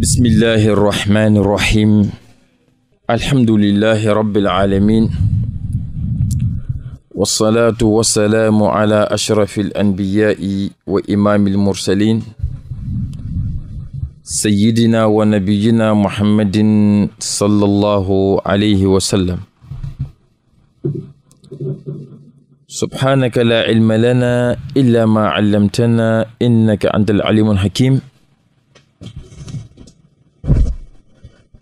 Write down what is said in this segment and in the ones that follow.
bismillahi irrahmani irrahim alhamdulilahi rabiilalamin walsalaatu wassalaamu ala ashrafi alanbiyaai wa imaami almursalin sayidina wa nabiyina muhammadin sallallahu alayhi wa sallam subhaanaka laa cilma lana illa maa callamtana innaka anta alcalimu alxakim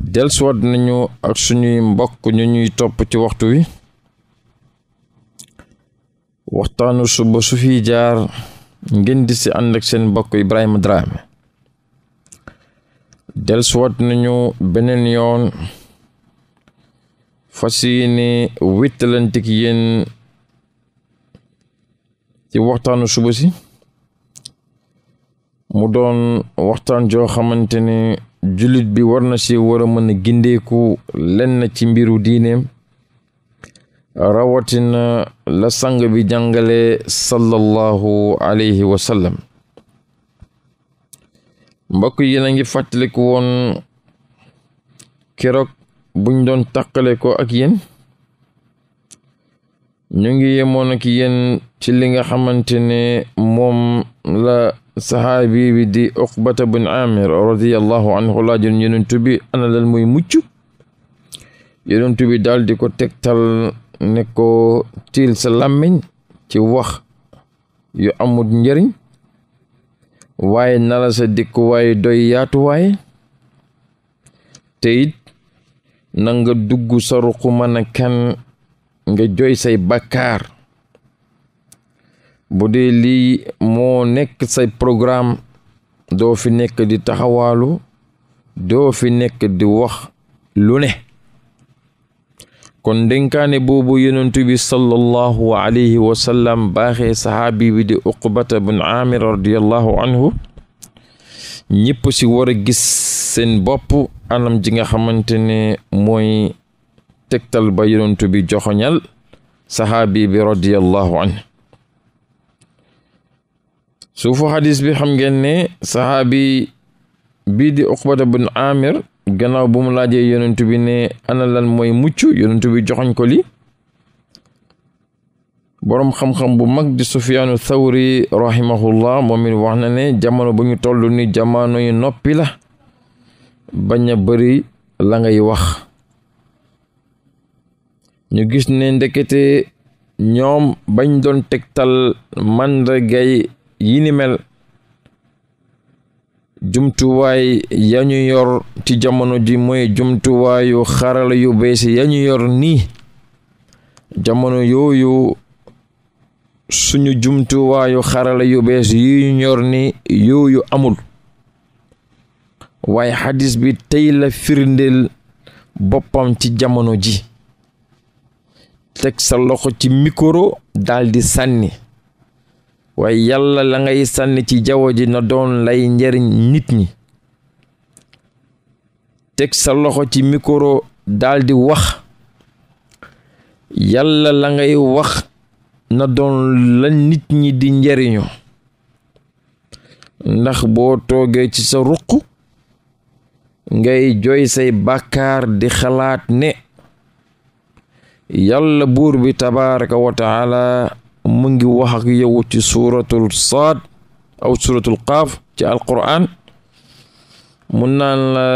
delsuwaat nañu ak suñuy mbokk ñu ñuy topp ci waxtu wi waxtaanu suba su fi jaar ngeen di si ànd ak seen mbokk Ibrahima Dramé delsuwaat nañu beneen yoon fas yi ni wéttalantik yéen ci waxtaanu suba si mu doon waxtaan joo xamante ne julit bi war na ci war mën a gindeeku lenn ci mbiru diineem rawatina la sang bi jàngale sallallahu alayhi wa sallam mbokk yi na ngi fàttaliku woon keroog buñ doon tàqale ko ak yen ñu ngi yemoon ak yéen ci li xamante ne moom la sahaabi bi di uqbata bun amir radiallahu anhu laajon yonent bi ana lan mooy mucc bi daal ko tegtal ne ko tiil sa làmmiñ ci wax yu amul njëriñ waaye nala sa dikkuwaay doy yaatuwaay te it nanga dugg sa ruqu mën a kan nga joy say bakkaar bu dee lii moo nekk say programme doo fi nekk di taxawaalu doo fi nekk di wax lu ne kon dénkaane boobu yonentu bi sallallahu alayhi wa sallam baaxee sahaabi di uqbata bun aamir radiallahu anhu ñëpp ci war a gis seen bopp anam ji nga xamante ne mooy tegtal ba yonentu bi joxoñal sahaabi bi radiallahu anhu suufu xadis bi xam ngeen ne saxaabi bii di uqbata bun amir gannaaw bu mu laajee yonent bi ne ana lan mooy mucc yonent bi joxoñ ko li boroom xam-xam bu mag di sufiyaanu thawri rahimahullah moom it wax na ne jamono bu ñu toll ni jamono yu noppi la bañ a bëri la wax ñu gis ne ndekete ñoom bañ doon tegtal màndargay yinimel ni jumtuwaay ya yor ci jamono ji mooy jumtuwaayu xarala yu bees ya yor nii jamono yooyu suñu jumtuwaayu xarala yu bees yu ñu yor ni yooyu amul waaye xadis bi tey la firndeel boppam ci jamono ji teg sa loxo ci mikoro daldi sànni waaye yàlla la ngay sànni ci jaww ji na doon lay njariñ nit ñi teg sa loxo ci mikoro daldi wax yàlla la ngay wax na doon la nit ñi di njariñu ndax boo toogee ci sa ruq ngay jooy say bakkaar di xalaat ne yàlla buur bi tabaraka wa mu ngi wax ak yow ci suuratul saad aw suuratul qaaf ci alqur'an mu naan la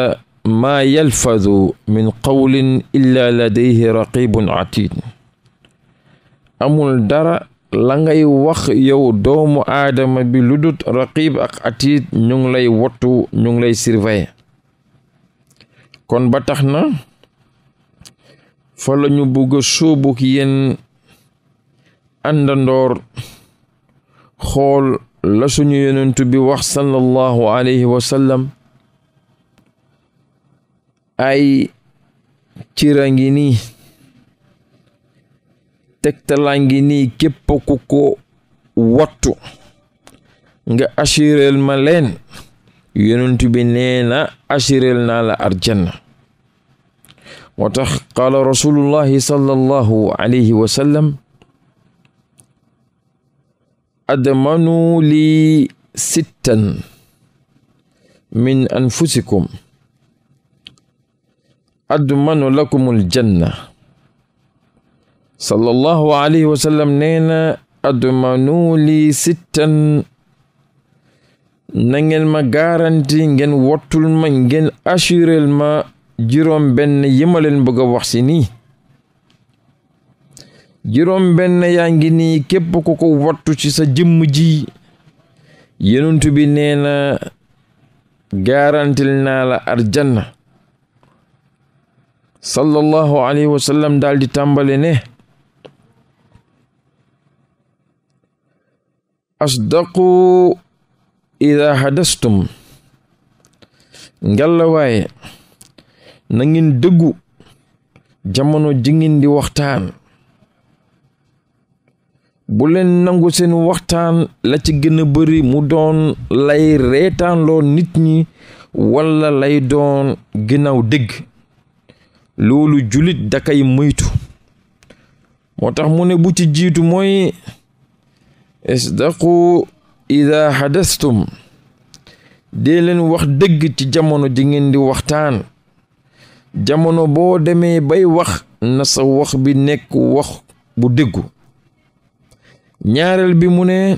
maa yalfadu min qawlin illa ladayhi raqibun atid amul dara la ngay wax yow doomu aadama bi lu raqib ak atid ñu lay wottu ñu ngi lay surveiller kon ba na fa la ñu bëgg a àndandoor xool la suñu yonent bi wax sallallahu alayhi wa ay cira ngi nii tegtalaa ngi nii képp ku ko wattu nga assurel maleen leen yonent bi nee na assurel naa la arjanna moo tax qaala rasulullahi sallallahu alayhi wa admanu lii sittan min anfusikum admanu lakumul janna sallallahu alayhi wa sallam nee admanu lii sittan na ngeen ma garanti ngeen wottul ma ngeen assurel ma juróom benn yi ma leen bëgg a wax si nii juróom benn yaa ngi nii képp ku ko wattu ci sa jëmm ji yenentu bi nee na gaarantil naa la arjanna sallallahu alayhi wa sallam daal tàmbale ne asdaqu ida hadastum ngalla waaye na ngeen dëggu jamono ji di waxtaan bu leen nangu seen waxtaan la ci gën a bari mu doon lay reetaanloo nit ñi walla lay doon ginnaaw dëgg loolu jullit dakay moytu moo tax mu ne bu ci jiitu mooy daqu ida hadastum dee leen wax dëgg ci jamono ji ngeen di waxtaan jamono boo demee bay wax na sa wax bi nekk wax bu dëggu ñaareel bi mu ne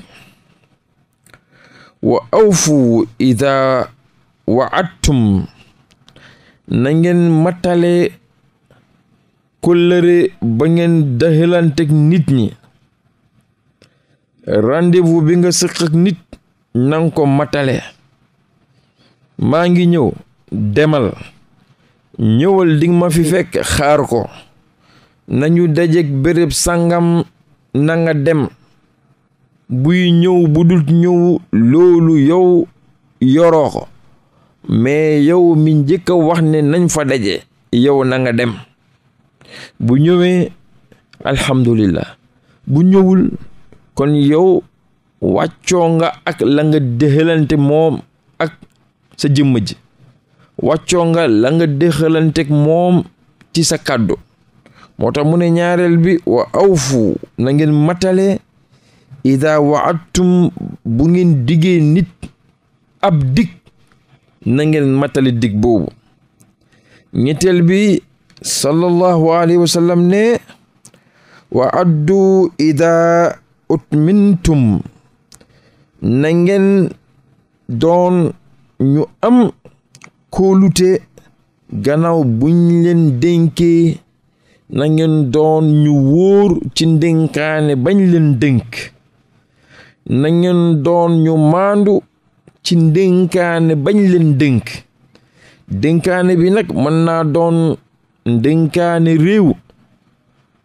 wa awfu ida wa'adtum na ngeen matale kóllëre ba ngeen daxelanteeg nit ñi rendez bi nga sëq nit nang ko matale maa ngi ñëw demal ñëwal ding ma fi fekk xaar ko nañu dajeeg béréb sàngam na nga dem buy ñëw bu dul ñëw loolu yow yoroo ko mais yow mi njëkk wax ne nañ fa daje yow nanga dem bu ñëwee alhamdulillah bu ñëwul kon yow wàccoo nga ak la nga moom ak sa jëmm ji nga la nga dëxalante moom ci sa kàddu moo tax mu ne ñaareel bi wa awfu na ngeen matale ida waattum bu ngeen digee nit ab dig na ngeen matali dig boobu ñetteel bi sallallahu alayhi wa ne wa addu ida utmintum na ngeen doon ñu am kóolute gannaaw buñ leen dénkee na ngeen doon ñu wóor ci ndénkaane bañ leen dénk na doon ñu maandu ci ndénkaane bañ leen dénk dénkaane bi nag mën naa doon ndénkaane réew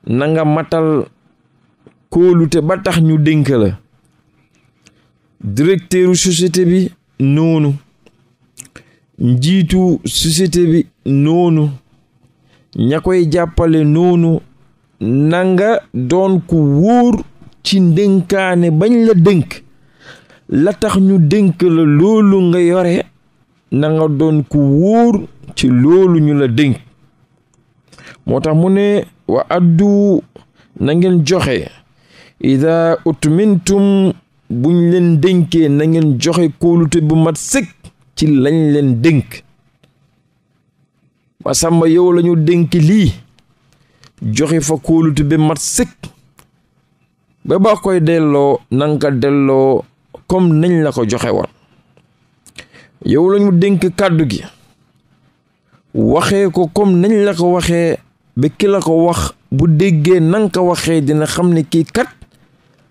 nanga nga matal kóolute ba tax ñu dénk la directeuru société bi noonu njiitu société bi noonu ña koy jàppale noonu nanga doon ku wuur ci ndénkaane bañ la dénk la tax ñu dénk la loolu nga yore nanga nga doon ku wóor ci loolu ñu la dénk moo tax mu ne wa addu na ngeen joxe ida utmintum buñ leen dénkee nangeen joxe kóolute bu mat sëkk ci lañ leen dénk masamba yow lañu dénk lii joxe fa kóolute bi mat sëkk ba ba koy delloo nanka delloo kom nañu la ko joxe woon yow lañu dénk kàddu gi waxee ko comme nañ la ko waxee ba ki la ko wax bu déggee nanga waxee dina xam ne kii kat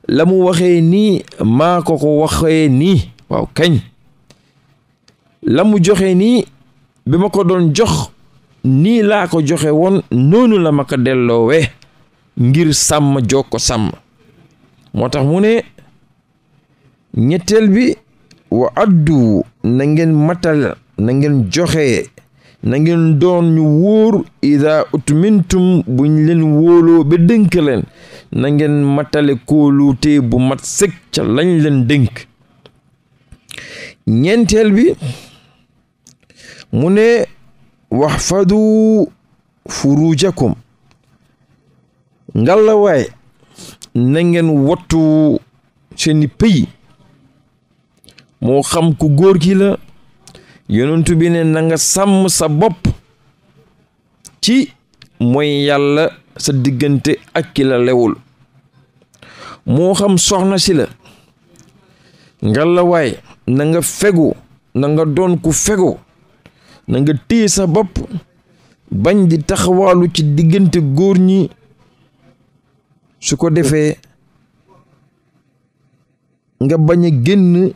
la mu waxee nii maa ko ko waxee nii waaw kañ la mu joxe nii bi ma ko doon jox nii laa ko joxe woon noonu la ma ko delloowee ngir sàmm joo ko sàmm moo tax mu ne ñetteel bi wa addu na ngeen matal na ngeen joxe na ngeen doon ñu wóor ida utmintum buñ leen wóoloo ba dënk leen na ngeen matale kóolute bu mat sëg ca lañ leen dënk ñeenteel bi mu ne wax waxfadu furujakum ngalla waay na ngeen wattu seeni pays moo xam ku góor gi la yonentu bi nanga sàmm sa bopp ci mooy yàlla sa diggante ak ki la lewul moo xam soxna si la ngalawaay na nga fegu doon ku fegu nanga nga sa bopp bañ di taxawaalu ci diggante góor ñi su ko defee nga bañ a génn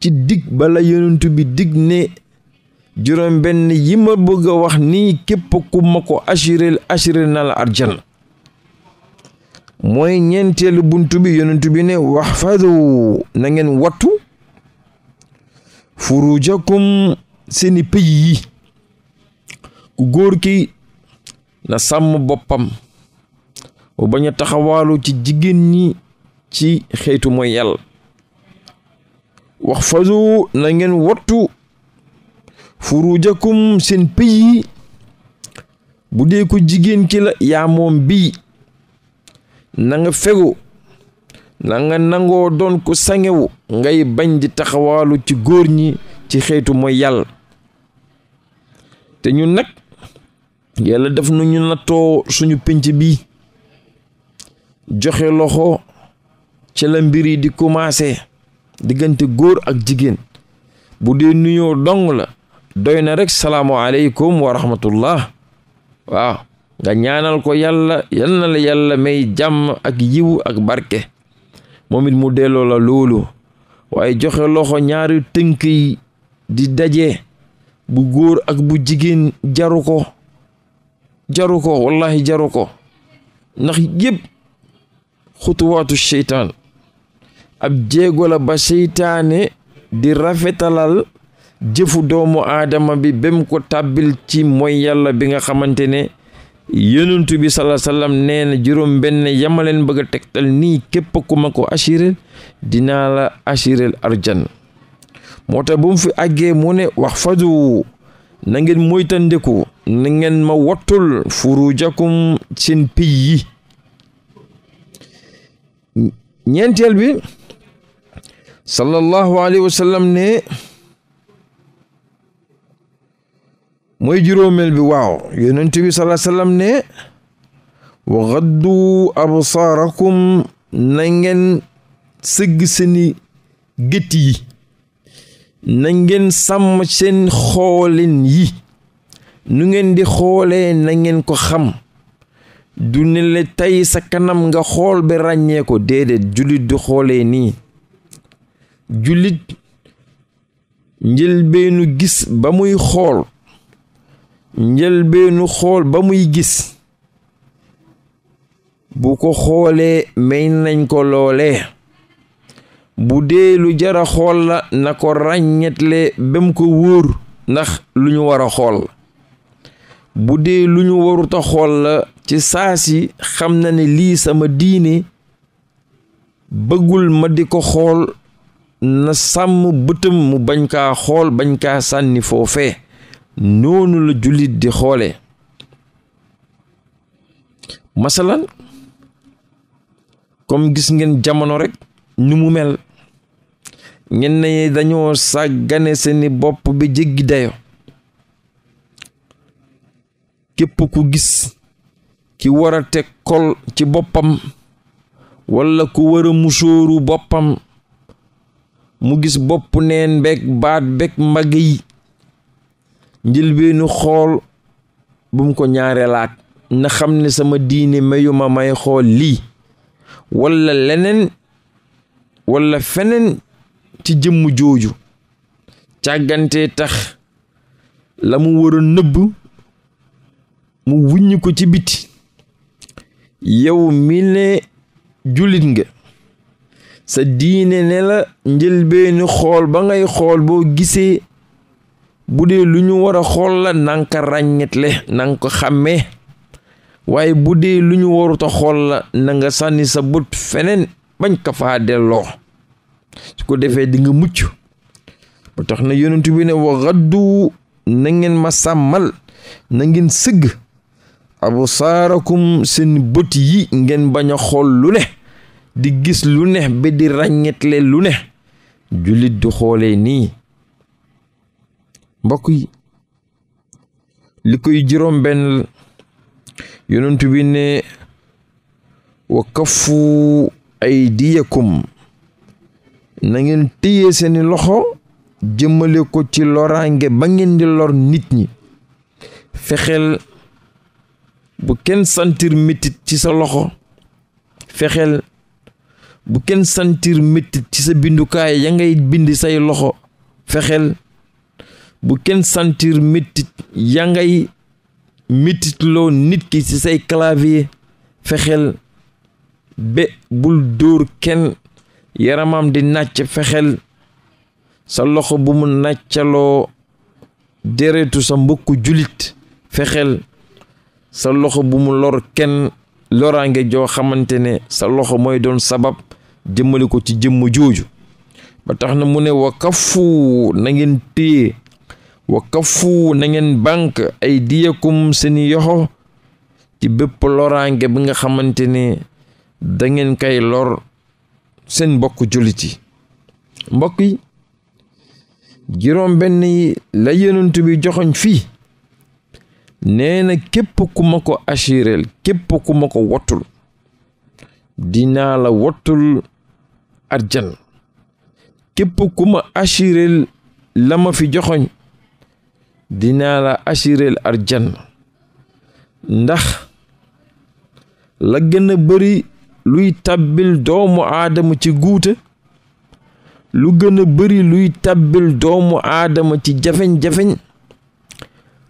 ci digg bala yonent bi dig ne juróom benn yi ma bëgg a wax ni képp ku ma ko assurel assurel na la mooy ñeenteelu buntu bi yonent bi ne waxfadu na ngeen wattu furujakum seeni pays yi ku góor ki na sàmm boppam bañ a taxawaalu ci jigéen ñi ci xeetu mooy yàlla wax fasu na ngeen wattu furujakum seen pays bu dee ko jigéen ki la yaa moom bii na nga fegu nangoo doon ko sangewu ngay bañ di taxawaalu ci góor ñi ci xeetu mooy yàlla te ñun nag yàlla def nañu nattoo suñu pinc bi joxe loxo ci la mbir yi di commencé diggante góor ak jigéen bu dee nuyoo dong la doy na rekk salaamaaleykum wa rahmatullah waaw nga ñaanal ko yàlla yal na yàlla may jàmm ak yiw ak barke moom it mu delloo la loolu waaye joxe loxo ñaari tënk yi di daje bu góor ak bu jigéen jaru ko jaru ko wallahi jaru ko ndax yëpp xutuwaatu seytaan ab jéego la ba seytaane di rafetalal jëfu doomu aadama bi bem ko tàbbil ci mooy yàlla bi nga xamante ne yonent bi sala sallam nee na juróom benn yamaleen bëgg a tegtal nii képp ku ma ko assurel dinaa la assurel arjan moo tax bu mu fi àggee mu ne wax fadu na ngeen moytandiku na ngeen ma wattul furujakum seen piy yi ñeenteel bi sallallahu alayhi wa sallam ne mooy juróomeel bi waaw yonent bi sallallahu sallam ne wa gaddu absaarakum na sëgg seeni gët yi na ngeen sàmm seen xoolin yi nu ngeen di xoolee na ngeen ko xam du tey sa kanam nga xool ba ràññeeku ko déedéet jullit du xoolee nii jullit njëlbeenu gis ba muy xool njëlbeenu xool ba muy gis bu ko xoolee may nañ ko loole bu dee lu jara xool la na ko ràññetle bam ko wóor ndax lu ñu wara a xool bu dee lu ñu waruta xool la ci saasi xam na ni lii sama diine bëggul ma di ko xool na sàmm bëtam mu bañ kaa xool bañ kaa sànni foofe noonu la jullit di xoole masalan kom gis ngeen jamono rekk ni mu mel ngeen ne dañoo sàggane seeni bopp bi jéggi dayo képp ku gis ki war a kol ci boppam walla ku war a boppam mu gis bopp neen beeg baat beeg mbagg yi njëlbeenu xool bu mu ko ñaareelaat na xam ne sama diine mayuma may xool lii walla leneen walla feneen ci jëmm jooju càggante tax la mu war nëbb mu wuññi ko ci biti yow mi ne jullit nga sa diine ne la njëlbeeni xool ba ngay xool boo gisee bu dee lu ñu war a xool la na nga ko ràññetle na ko xàmmee waaye bu dee lu ñu warut xool la nanga sànni sa bët feneen bañ ko faa delloo su ko defee dinga mucc ba tax na yonentu bi ne wa gaddu na ngeen ma sàmmal na ngeen sëgg absaarakum seen bët yi ngeen bañ a xool lu ne di gis lu ne ba di ràññetle lu ne jullit du xoolee nii mbokk yi li koy juróom benn yonent bi ne wa kafu aydiyakum na ngeen téye seeni loxo jëmmale ko ci loraange ba ngeen di lor nit ñi fexeel bu kenn sentir métit ci sa loxo fexeel bu kenn sentir métit ci sa bindukaay ya ngay bind say loxo fexeel bu kenn sentir métit ya ngay métitloo nit ki ci say clavier fexeel be bul dóor kenn yaramam di nàcc fexeel sa loxo bu mu naccaloo deretu sa mbokku julit fexeel sa loxo bu mu lor kenn loraange joo xamante ne sa loxo mooy doon sabab jëmmali ko ci jëmm jooju ba tax na mu ne wa kafu na ngeen téye wa kafu na ngeen bànk ay diyakum seeni yoxo ci bépp loraange bi nga xamante ne da ngeen kay lor seen mbokk jullit yi mbokk yi juróom benn yi la yonent bi joxoñ fii nee na képp ku ma ko assureel képp ku ma ko wattul dinaa la wattul arjan képp ku ma assureel fi joxoñ dinaa la assureel arjan ndax la gën a luy tàbbil doomu aadama ci guute lu gën a bari luy tàbbil doomu aadama ci jafeñ-jafeñ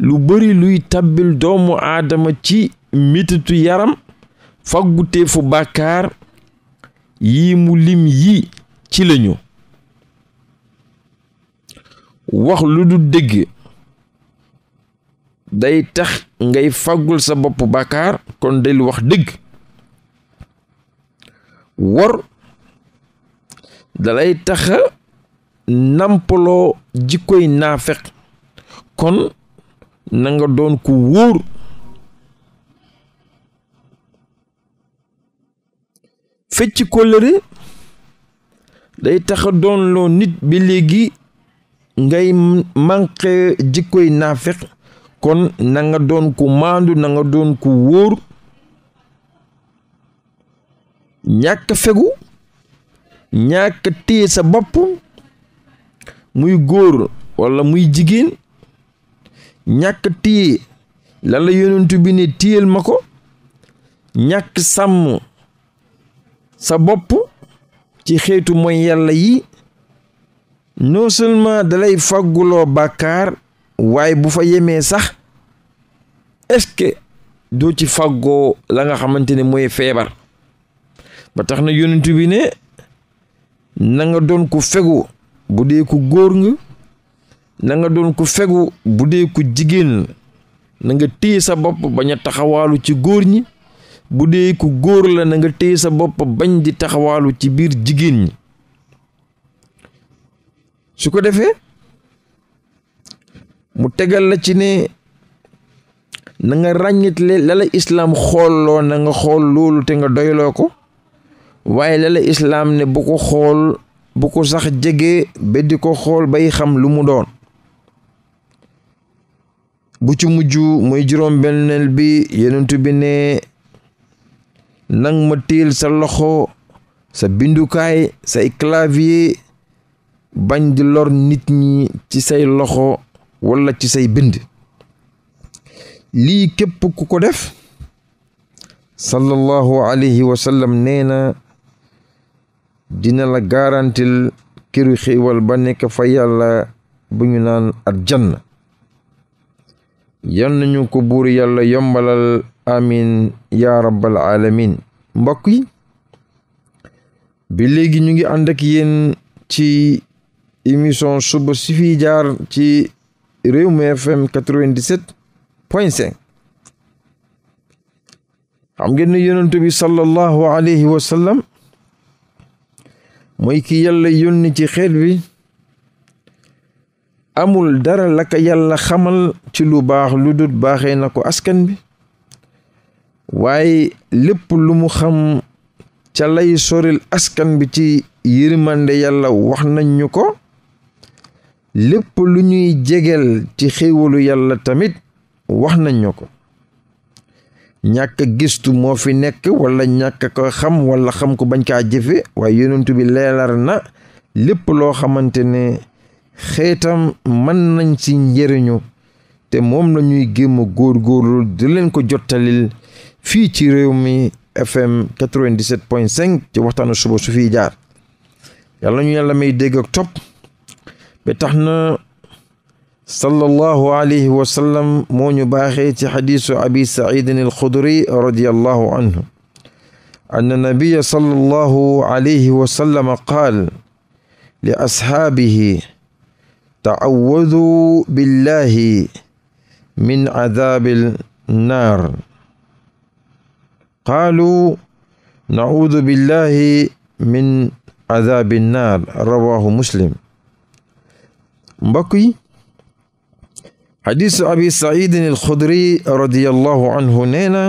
lu bari luy tàbbil doomu aadama ci mititu yaram faggutee fu bàkkaar yii mu lim yi ci lañu wax lu du dëgg day tax ngay faggul sa bopp bàkkaar kon del wax dëgg wor dalay taxa nampaloo jikkoy naafeq kon na nga doon ku wóor fecc kóllëre day taxa doon loo nit bi léegi ngay manqué jikkoy naafeq kon nanga doon ku maandu nanga doon ku wóor ñàkk fegu ñàkk téye sa bopp muy góor walla muy jigéen ñàkk téye lan la yonent bi ne ma ko ñàkk sàmm sa bopp ci xeetu mooy yàlla yi non seulement dalay fagguloo bàkkaar waaye bu fa yemee sax est-ce que doo ci faggoo la nga xamante ne mooy feebar ba tax na yonent bi ne na nga doon ku fegu bu dee ku góor ngi na nga doon ku fegu bu dee ku jigéen la na nga téye sa bopp bañ a taxawaalu ci góor ñi bu dee ku góor la na nga téye sa bopp bañ di taxawaalu ci biir jigéen ñi su ko defee mu tegal la ci ne na nga ràññitle lala la islaam xoolloo na nga xool loolu te nga doyloo ko waaye lala la islaam ne bu ko xool bu ko sax jege ba ko xool bay xam lu mu doon bu ci mujj mooy juróom bi yonent bi ne nang ma tiil sa loxo sa bindukaay say clavier bañ di lor nit ñi ci say loxo walla ci say bind lii képp ku ko def sallallahu alayhi wa sallam nee na dina la garantil këru xéewal ba nekk fa yàlla bu ñu naan aljanna yal nañu ko buur yàlla yombalal amin ya rabbal alamin mbokk yi bi léegi ñu ngi ànd ak ci émission suba si jaar ci Rewmi FM 97 point 5 xam ngeen ne yonent bi sallallahu alayhi wa mooy ki yàlla yónni ci xeet bi amul dara la ko yàlla xamal ci lu baax lu dul baaxee na ko askan bi waaye lépp lu mu xam ca lay soril askan bi ci yërmande yàlla wax nañ ñu ko lépp lu ñuy jegel ci xéewalu yàlla tamit wax nañ ñu ko ñàkk gistu moo fi nekk wala ñàkk ko xam wala xam ko bañ kaa jëfe waaye yonentu bi leelar na lépp loo xamante ne xeetam mën nañ ci njëriñu te moom lañuy ñuy góor góorgóorlu di leen ko jottalil fii ci réew mi fm 97.5 ci waxtaanu suba su fi jaar yàlla ñu yàlla may dégg ak tax na sallallahu alayhi wa sallam moo ñu baaxee ci xadiisu abi saidin alxudri radiallahu anhu anna nabiya sallallahu alayhi wa qaal li ashaabihi taawadu billahi min adabil naar qaalu naudu billahi min adabi naar rawahu muslim mbokk yi xadisu abi saidin alxudri radiallahu anhu nee na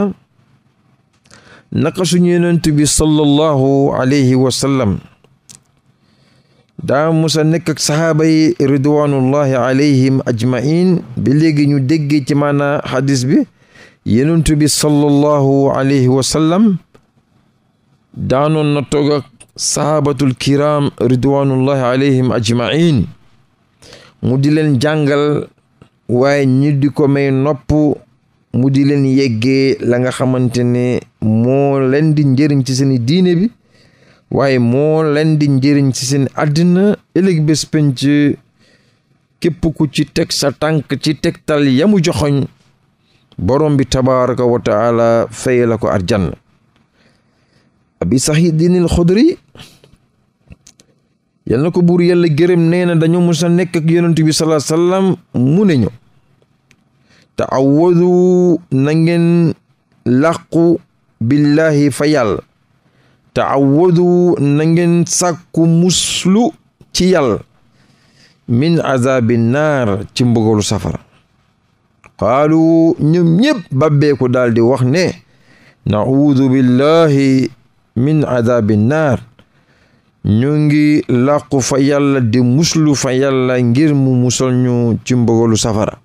naqasuñu yonent bi sallallahu alayhi wa sallam daa musa nekk ak sahaaba yi ridwanullahi alayhim ajmain bi léegi ñu déggee ci maana xadis bi yenentu bi sallallahu alayhi wa sallam daanoon na toog kiram ridwanullahi alayhim ajmain mu di leen jàngal waaye ñu di ko may nopp mu di leen yeggee la nga xamante ne moo leen di njëriñ ci seeni diine bi waaye moo leen di njëriñ ci seen àddina ëllëg bés penc képp ku ci teg sa tànk ci tegtal yamu joxoñ borom bi tabaraka wa taala fay la ko arjanna abi saxidin al xudri yal na ko buur yàlla gërëm nee na dañoo musa nekk ak yonent bi salaa sallam mu ne ñu taawadu na ngeen làqu billahi fa yàlla taawadu na ngeen sàkku muslu ci yàlla min azabi naar ci mbugalu safara qaalu ñoom ñëpp babbeeku daal wax ne naudu billahi min azabi naar ñu ngi làqu fa yàlla di muslu fa yàlla ngir mu musal ñu ci safara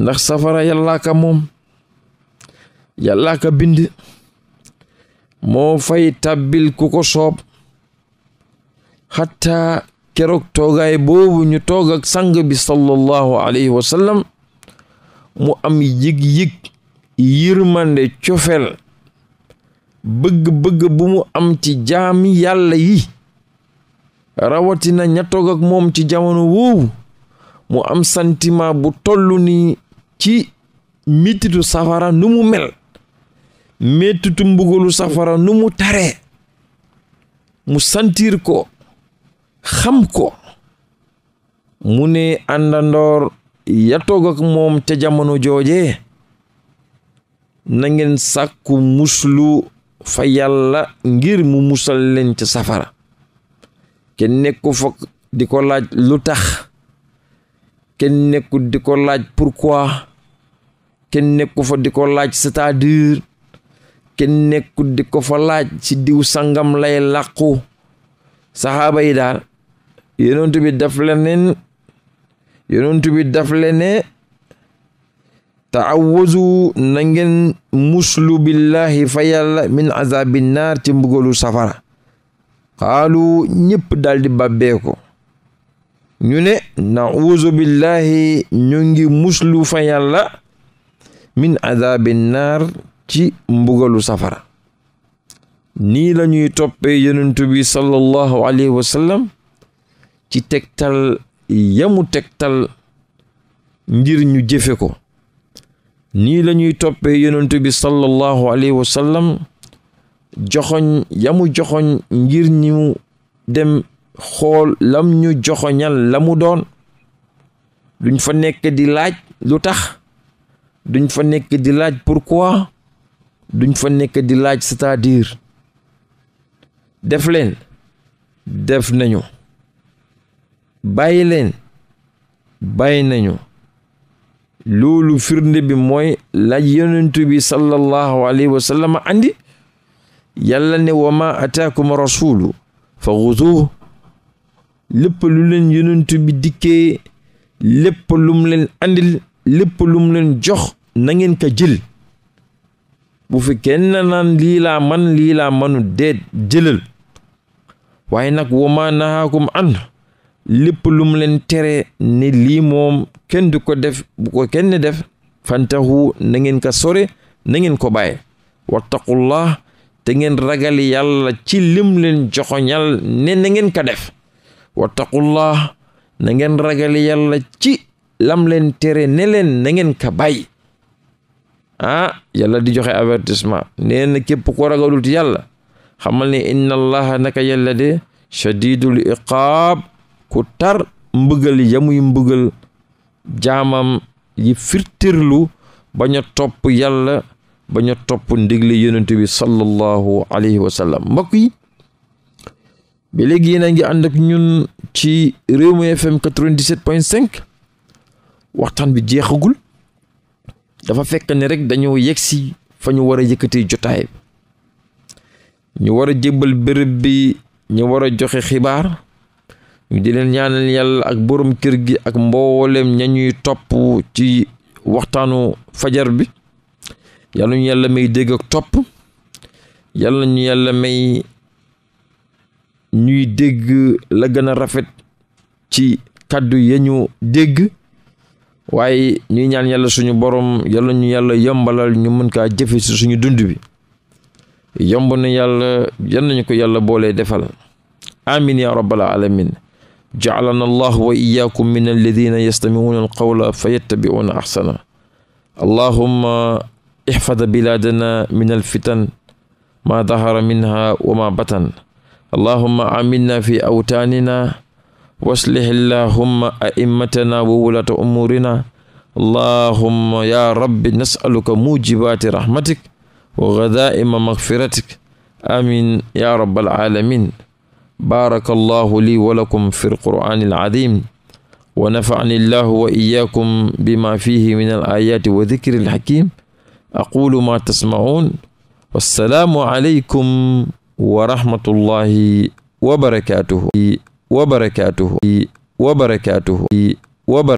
ndax safara yàllaa ka moom yàllaa moo fay tàbbil ku ko soob xataa keroog toogaay boobu ñu toog ak sang bi sallallahu alayhi wa sallam mu am yëg-yëg yërmande cofeel bëgg-bëgg bu mu am ci jaami yàlla yi rawatina ña ak moom ci jamono woowu mu am sentiment bu tollu ni ci mititu safara nu mu mel mettitu mbugalu safara nu mu tare mu sentir ko xam ko mu ne àndandoor ya toog ak moom ca jamono jooje na ngeen sàkku muslu fa yàlla ngir mu musal leen ca safara kenn nekku foog di ko laaj lu tax kenn nekku di ko laaj pourquoi kenn nekku fa di ko laaj cest kenn nekkul di ko fa laaj ci diw sangam lay làqu saxaaba yi daal yonent bi daf leneen yonent bi daf leneen taawazu na ngeen muslu billahi fa yàlla min azabi naar safara xaalu ñëpp daldi di bàbbee ko ñu ne ngi muslu fa yàlla min azabi ci mbugalu safara nii lañuy ñuy toppee yonent bi sallallahu alayhi ci tegtal yamu tegtal ngir ñu jëfe ko nii la ñuy toppee yonent bi sallallahu alayhi wa sallam joxoñ yamu joxoñ ngir ñu dem xool lam ñu joxoñal la mu doon duñ fa nekk di laaj lu tax duñ fa nekk di laaj pourquoi duñ fa nekk di laaj cest à def leen def nañu bàyyi leen bàyyi nañu loolu firnde bi mooy laaj yonent bi sallallahu alayhi wa andi yàlla ne wa ma ataakum fa xuzuuhu lépp lu leen bi dikkee lépp lum andil lépp lum jox na ngeen ka jël bu fi kenn naan lii laa man lii laa manu dee jëlal waaye nag wama nahaakum an lépp lum leen tere ne lii moom kenn du ko def bu ko kenn def fantahu na ngeen ko sore na ngeen ko bàyyi wattaqullah te ngeen ragal yàlla ci lim leen joxoñal ne na ngeen ko def wattaqullah na ngeen ragal yàlla ci lam leen tere ne leen na ngeen ko bàyyi ah yalla di joxe avertissement nee na képp ko ragalul ci yàlla xamal ne inna allaha naka yàlla de shadidul iqaab ku tar mbëggal yamuy mbëggal jaamam yi firtirlu bañ a topp yàlla bañ a topp ndigle yonent bi sallallahu alayhi wa sallam mbokk yi ba léegi yéen a ngi ànd ak ñun ci Rewmi FM 97.5 waxtaan bi jeexagul dafa fekk ni rek dañoo yegsi fa ñu war a yëkkati jotaay ñu war a jébbal bërëb bi ñu war a joxe xibaar ñu di ñaanal yàlla ak borom kër gi ak mboolem ña ñuy topp ci waxtaanu fajar bi yàlla ñu yàlla may dégg ak topp yàlla ñu yàlla may ñuy dégg la gën a rafet ci kàddu ya ñu dégg waaye ñuy ñaan yàlla suñu borom yàlla ñu yàlla yombalal ñu mën kaa jëfe suñu dund bi yomb yàlla yan nañu ko yàlla boole defal amin ya rabbal alamin jaalana allah wa iyaakum min alladina yastamiuuna alqawla fa yattabiuuna axsana allahumma ixfad bilaadana min alfitan ma dahara minha wa ma batan allahumma aminna fi awtaanina waslih allahumma a'immatana wa wulata umurina allahumma ya rabbi nas'aluka mujibati rahmatik wa ghadaa'ima maghfiratik amin ya rabbal alamin barakallahu li wa lakum fi alqur'ani alazim wa nafa'ani allahu wa iyyakum bima fihi min alayati wa dhikri alhakim aqulu ma tasma'un wassalaamu alaykum wa rahmatullahi wa barakatuhu wa barakaatuhu wa barakaatuhu